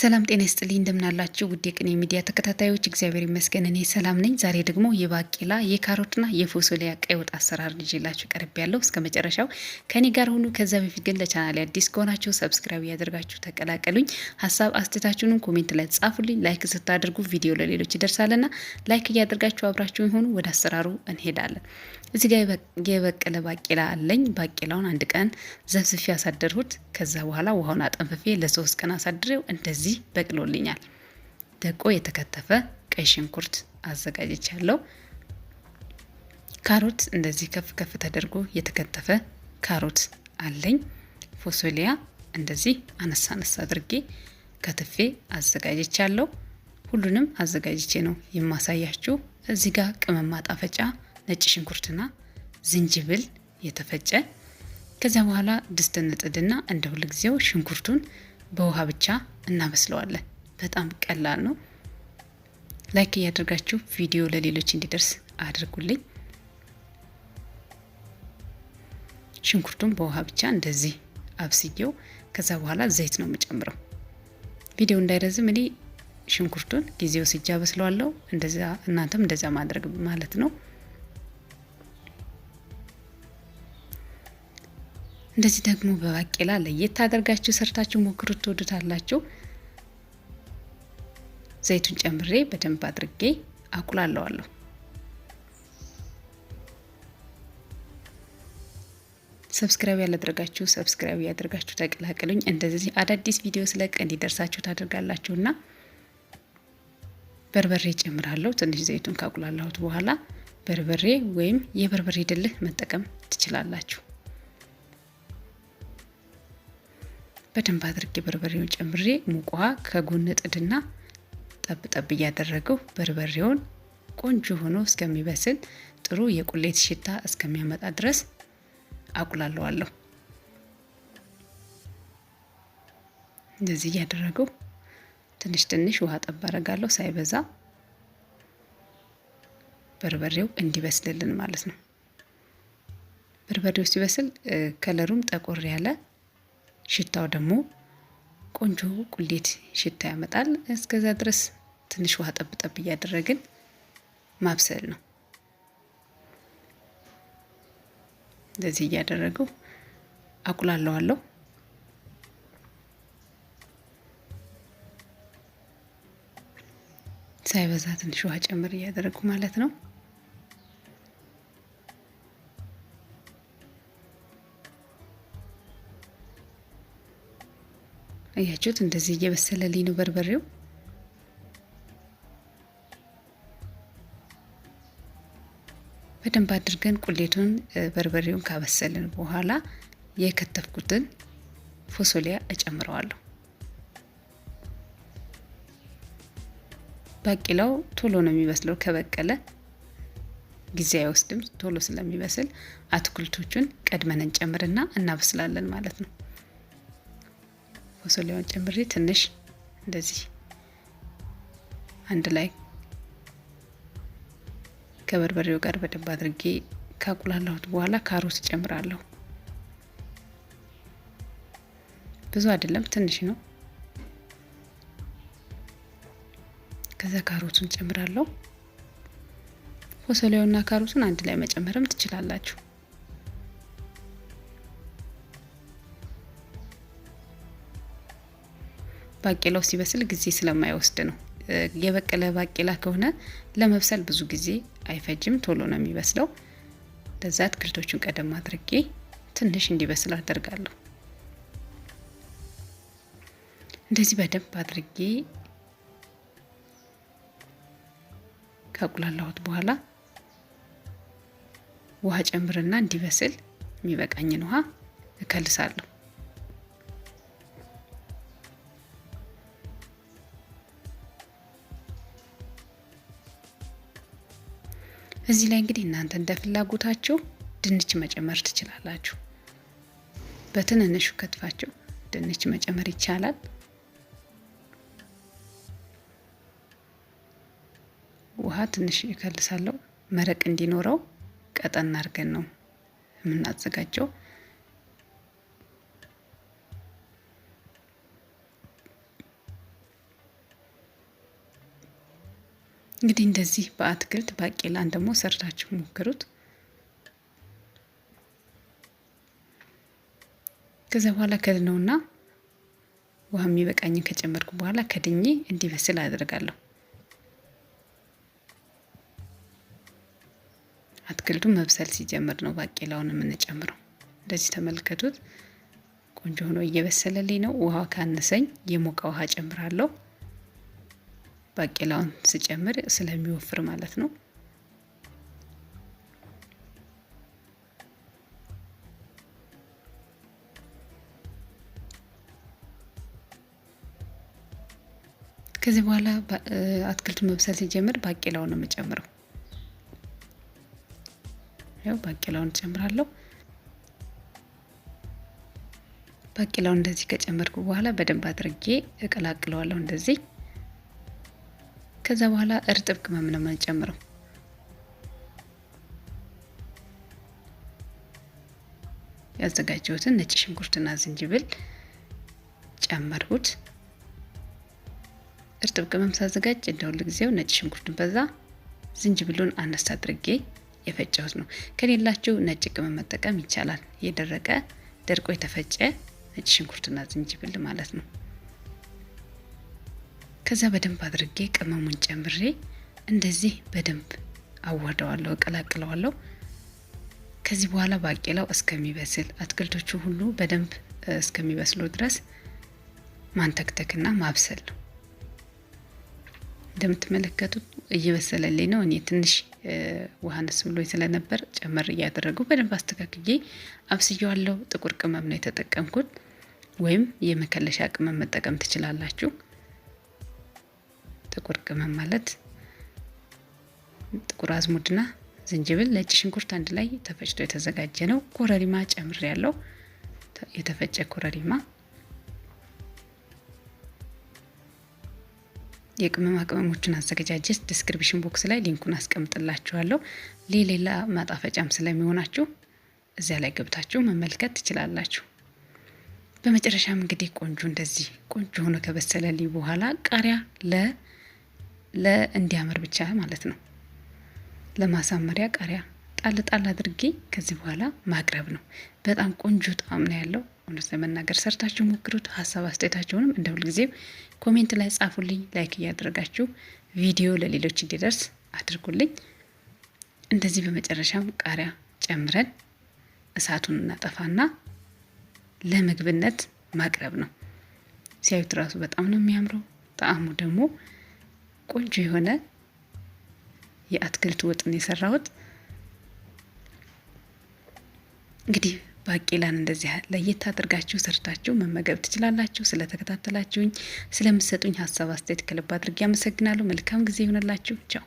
ሰላም ጤና ይስጥልኝ፣ እንደምናላችሁ ውድ የቅኔ ሚዲያ ተከታታዮች፣ እግዚአብሔር ይመስገን እኔ ሰላም ነኝ። ዛሬ ደግሞ የባቄላ የካሮትና የፎሶሊያ ቀይ ወጥ አሰራር ልጅላችሁ ቀርብ ያለው እስከ መጨረሻው ከኔ ጋር ሁኑ። ከዛ በፊት ግን ለቻናል አዲስ ከሆናችሁ ሰብስክራይብ እያደርጋችሁ ተቀላቀሉኝ። ሀሳብ አስተታችሁንም ኮሜንት ላይ ጻፉልኝ። ላይክ ስታደርጉ ቪዲዮ ለሌሎች ይደርሳልና ላይክ እያደርጋችሁ አብራችሁ ሆኑ። ወደ አሰራሩ እንሄዳለን። እዚህ ጋር የበቀለ ባቄላ አለኝ። ባቄላውን አንድ ቀን ዘፍዝፌ አሳደርሁት። ከዛ በኋላ ውሃውን አጠንፍፌ ለሶስት ቀን አሳድሬው እንደዚህ በቅሎልኛል። ደቆ የተከተፈ ቀይ ሽንኩርት አዘጋጅቻለሁ። ካሮት እንደዚህ ከፍ ከፍ ተደርጎ የተከተፈ ካሮት አለኝ። ፎሶሊያ እንደዚህ አነሳ አነሳ አድርጌ ከትፌ አዘጋጅቻለሁ። ሁሉንም አዘጋጅቼ ነው የማሳያችሁ። እዚህ ጋር ቅመም ማጣፈጫ ነጭ ሽንኩርትና ዝንጅብል የተፈጨ ከዚያ በኋላ ድስት ንጥድና እንደ ሁልጊዜው ሽንኩርቱን በውሃ ብቻ እናበስለዋለን። በጣም ቀላል ነው። ላይክ እያደርጋችሁ ቪዲዮ ለሌሎች እንዲደርስ አድርጉልኝ። ሽንኩርቱን በውሃ ብቻ እንደዚህ አብስየው ከዛ በኋላ ዘይት ነው የምጨምረው። ቪዲዮ እንዳይረዝም እኔ ሽንኩርቱን ጊዜው ሲጃ በስለዋለው እንደዛ እናንተም እንደዛ ማድረግ ማለት ነው። እንደዚህ ደግሞ በባቄላ ለየት አድርጋችሁ ሰርታችሁ ሞክሩት፣ ትወዱታላችሁ። ዘይቱን ጨምሬ በደንብ አድርጌ አቁላለዋለሁ። ሰብስክራይብ ያላደረጋችሁ ሰብስክራይብ ያደርጋችሁ ተቀላቀሉኝ። እንደዚህ አዳዲስ ቪዲዮ ስለቅ እንዲደርሳችሁ ታደርጋላችሁና በርበሬ ጨምራለሁ። ትንሽ ዘይቱን ካቁላላሁት በኋላ በርበሬ ወይም የበርበሬ ድልህ መጠቀም ትችላላችሁ። በደንብ አድርጌ በርበሬውን ጨምሬ ሙቋ ከጎን ጥድና ጠብ ጠብ እያደረገው በርበሬውን ቆንጆ ሆኖ እስከሚበስል ጥሩ የቁሌት ሽታ እስከሚያመጣ ድረስ አቁላለዋለሁ። እንደዚህ እያደረገው ትንሽ ትንሽ ውሃ ጠብ አረጋለሁ፣ ሳይበዛ በርበሬው እንዲበስልልን ማለት ነው። በርበሬው ሲበስል ከለሩም ጠቆር ያለ ሽታው ደግሞ ቆንጆ ቁሌት ሽታ ያመጣል። እስከዛ ድረስ ትንሽ ውሃ ጠብጠብ እያደረግን ማብሰል ነው። እንደዚህ እያደረገው አቁላለዋለሁ። ሳይበዛ ትንሽ ውሃ ጨምር እያደረጉ ማለት ነው። አያችሁት? እንደዚህ እየበሰለልኝ ነው በርበሬው። በደንብ አድርገን ቁሌቱን በርበሬውን ካበሰልን በኋላ የከተፍኩትን ፎሶሊያ እጨምረዋለሁ። ባቂላው ቶሎ ነው የሚበስለው፣ ከበቀለ ጊዜ አይወስድም። ቶሎ ስለሚበስል አትክልቶቹን ቀድመን እንጨምርና እናበስላለን ማለት ነው። ፎሶሊያውን ጨምሬ ትንሽ እንደዚህ አንድ ላይ ከበርበሬው ጋር በደንብ አድርጌ ካቁላላሁት በኋላ ካሮት ጨምራለሁ። ብዙ አይደለም ትንሽ ነው። ከዛ ካሮቱን ጨምራለሁ። ፎሶሊያውና ካሮቱን አንድ ላይ መጨመርም ትችላላችሁ። ባቄላው ሲበስል ጊዜ ስለማይወስድ ነው። የበቀለ ባቄላ ከሆነ ለመብሰል ብዙ ጊዜ አይፈጅም፣ ቶሎ ነው የሚበስለው። ለዛ አትክልቶቹን ቀደም አድርጌ ትንሽ እንዲበስል አደርጋለሁ። እንደዚህ በደንብ አድርጌ ካቁላላሁት በኋላ ውሃ ጨምርና እንዲበስል የሚበቃኝን ውሃ እከልሳለሁ። እዚህ ላይ እንግዲህ እናንተ እንደ ፍላጎታችሁ ድንች መጨመር ትችላላችሁ። በትንንሹ ከትፋችሁ ድንች መጨመር ይቻላል። ውሃ ትንሽ ይከልሳለሁ። መረቅ እንዲኖረው ቀጠን አድርገን ነው የምናዘጋጀው። እንግዲህ እንደዚህ በአትክልት ባቄላን ደግሞ ሰርታችሁ ሞክሩት። ከዛ በኋላ ከድነውና ውሃ የሚበቃኝን ከጨመርኩ በኋላ ከድኜ እንዲበስል አደርጋለሁ። አትክልቱ መብሰል ሲጀምር ነው ባቄላውን የምንጨምረው። እንደዚህ ተመልከቱት። ቆንጆ ሆኖ እየበሰለልኝ ነው። ውሃ ካነሰኝ የሞቀ ውሃ ጨምራለሁ። ባቄላውን ስጨምር ስለሚወፍር ማለት ነው። ከዚህ በኋላ አትክልቱ መብሰል ሲጀምር ባቄላውን ነው የምጨምረው። ያው ባቄላውን ጨምራለሁ። ባቄላውን እንደዚህ ከጨመርኩ በኋላ በደንብ አድርጌ እቀላቅለዋለሁ እንደዚህ ከዛ በኋላ እርጥብ ቅመም ነው የምንጨምረው። ያዘጋጀሁትን ነጭ ሽንኩርትና ዝንጅብል ጨመርሁት። እርጥብ ቅመም ሳዘጋጅ እንደ ጊዜው ነጭ ሽንኩርትን በዛ ዝንጅብሉን አነስ አድርጌ የፈጨሁት ነው። ከሌላችሁ ነጭ ቅመም መጠቀም ይቻላል። የደረቀ ደርቆ የተፈጨ ነጭ ሽንኩርትና ዝንጅብል ማለት ነው። ከዛ በደንብ አድርጌ ቅመሙን ጨምሬ እንደዚህ በደንብ አዋደዋለሁ፣ እቀላቅለዋለሁ። ከዚህ በኋላ ባቄላው እስከሚበስል አትክልቶቹ ሁሉ በደንብ እስከሚበስሉ ድረስ ማንተክተክና ማብሰል ነው። እንደምትመለከቱት እየበሰለልኝ ነው። እኔ ትንሽ ውሃንስ ብሎ ስለነበር ጨመር እያደረጉ በደንብ አስተካክዬ አብስያዋለሁ። ጥቁር ቅመም ነው የተጠቀምኩት፣ ወይም የመከለሻ ቅመም መጠቀም ትችላላችሁ። ጥቁር ቅመም ማለት ጥቁር አዝሙድና ዝንጅብል፣ ነጭ ሽንኩርት አንድ ላይ ተፈጭቶ የተዘጋጀ ነው። ኮረሪማ ጨምር ያለው የተፈጨ ኮረሪማ። የቅመማ ቅመሞችን አዘገጃጀት ዲስክሪፕሽን ቦክስ ላይ ሊንኩን አስቀምጥላችኋለሁ። ሌሌላ ማጣፈጫም ስለሚሆናችሁ እዚያ ላይ ገብታችሁ መመልከት ትችላላችሁ። በመጨረሻም እንግዲህ ቆንጆ እንደዚህ ቆንጆ ሆኖ ከበሰለልኝ በኋላ ቃሪያ ለ ለእንዲያምር ብቻ ማለት ነው። ለማሳመሪያ ቃሪያ ጣል ጣል አድርጌ ከዚህ በኋላ ማቅረብ ነው። በጣም ቆንጆ ጣዕም ነው ያለው። እውነት ለመናገር ሰርታችሁ ሞክሩት። ሀሳብ አስተያየታችሁንም እንደ ሁልጊዜም ኮሜንት ላይ ጻፉልኝ። ላይክ እያደረጋችሁ ቪዲዮ ለሌሎች እንዲደርስ አድርጉልኝ። እንደዚህ በመጨረሻም ቃሪያ ጨምረን እሳቱን እናጠፋና ለምግብነት ማቅረብ ነው። ሲያዩት ራሱ በጣም ነው የሚያምረው። ጣዕሙ ደግሞ ቆንጆ የሆነ የአትክልት ወጥ ነው የሰራሁት። እንግዲህ ባቄላን እንደዚህ ለየት አድርጋችሁ ሰርታችሁ መመገብ ትችላላችሁ። ስለተከታተላችሁኝ፣ ስለምሰጡኝ ሀሳብ አስተያየት ከልብ አድርጌ አመሰግናለሁ። መልካም ጊዜ ይሆንላችሁ። ቻው